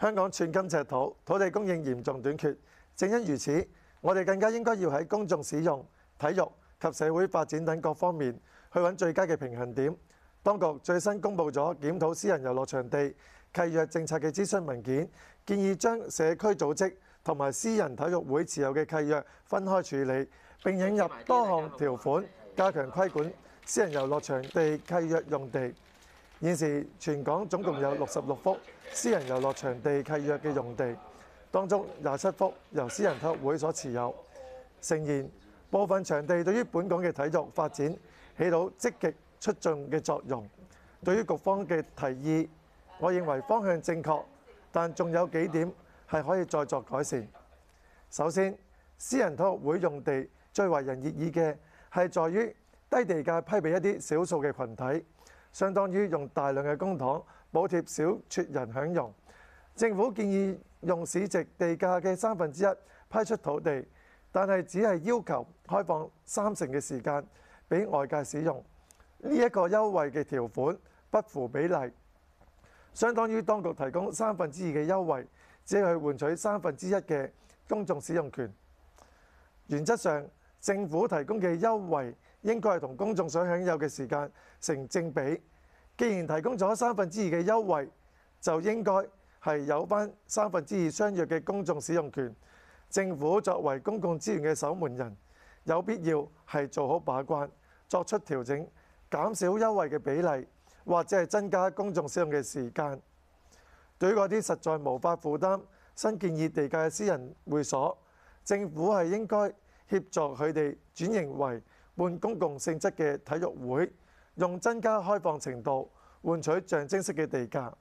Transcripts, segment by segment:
香港寸金尺土，土地供應嚴重短缺。正因如此，我哋更加應該要喺公眾使用、體育及社會發展等各方面去揾最佳嘅平衡點。當局最新公布咗檢討私人遊樂場地契約政策嘅諮詢文件，建議將社區組織同埋私人體育會持有嘅契約分開處理，並引入多項條款加強規管私人遊樂場地契約用地。現時全港總共有六十六幅私人遊樂場地契約嘅用地，當中廿七幅由私人體育會所持有。誠然，部分場地對於本港嘅體育發展起到積極促進嘅作用。對於局方嘅提議，我認為方向正確，但仲有幾點係可以再作改善。首先，私人體育會用地最為人熱議嘅係在於低地價批俾一啲少數嘅群體。相當於用大量嘅公帑補貼少撮人享用。政府建議用市值地價嘅三分之一批出土地，但係只係要求開放三成嘅時間俾外界使用。呢一個優惠嘅條款不符比例，相當於當局提供三分之二嘅優惠，只係去換取三分之一嘅公眾使用權。原則上。政府提供嘅優惠應該係同公眾想享有嘅時間成正比。既然提供咗三分之二嘅優惠，就應該係有翻三分之二相約嘅公眾使用權。政府作為公共資源嘅守門人，有必要係做好把關，作出調整，減少優惠嘅比例，或者係增加公眾使用嘅時間。對嗰啲實在無法負擔新建議地價嘅私人會所，政府係應該，協助佢哋轉型為半公共性質嘅體育會，用增加開放程度換取象徵式嘅地價。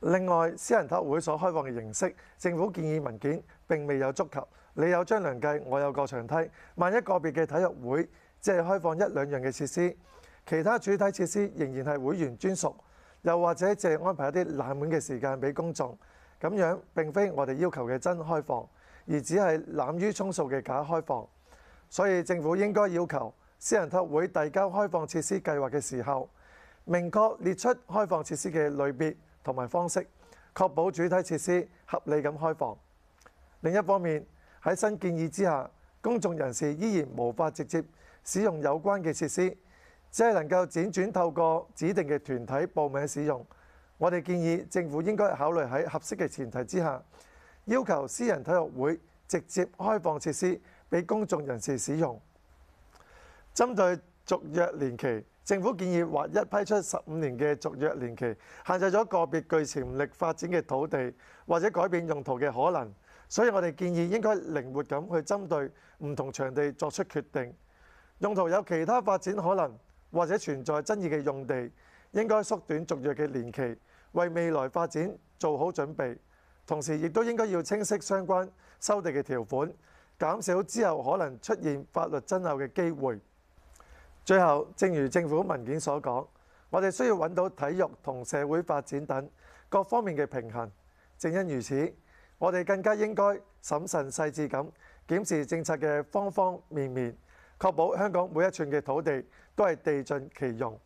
另外，私人體育會所開放嘅形式，政府建議文件並未有足及。你有張良計，我有個長梯。萬一個別嘅體育會即係開放一兩樣嘅設施，其他主體設施仍然係會員專屬，又或者淨係安排一啲冷門嘅時間俾公眾，咁樣並非我哋要求嘅真開放。而只係濫竽充數嘅假開放，所以政府應該要求私人托會提交開放設施計劃嘅時候，明確列出開放設施嘅類別同埋方式，確保主體設施合理咁開放。另一方面喺新建議之下，公眾人士依然無法直接使用有關嘅設施，只係能夠輾轉透過指定嘅團體報名使用。我哋建議政府應該考慮喺合適嘅前提之下，要求私人體育會直接開放設施俾公眾人士使用。針對續約年期，政府建議劃一批出十五年嘅續約年期，限制咗個別具潛力發展嘅土地或者改變用途嘅可能。所以我哋建議應該靈活咁去針對唔同場地作出決定。用途有其他發展可能或者存在爭議嘅用地，應該縮短續約嘅年期，為未來發展做好準備。同時，亦都應該要清晰相關收地嘅條款，減少之後可能出現法律爭拗嘅機會。最後，正如政府文件所講，我哋需要揾到體育同社會發展等各方面嘅平衡。正因如此，我哋更加應該審慎細緻咁檢視政策嘅方方面面，確保香港每一寸嘅土地都係地盡其用。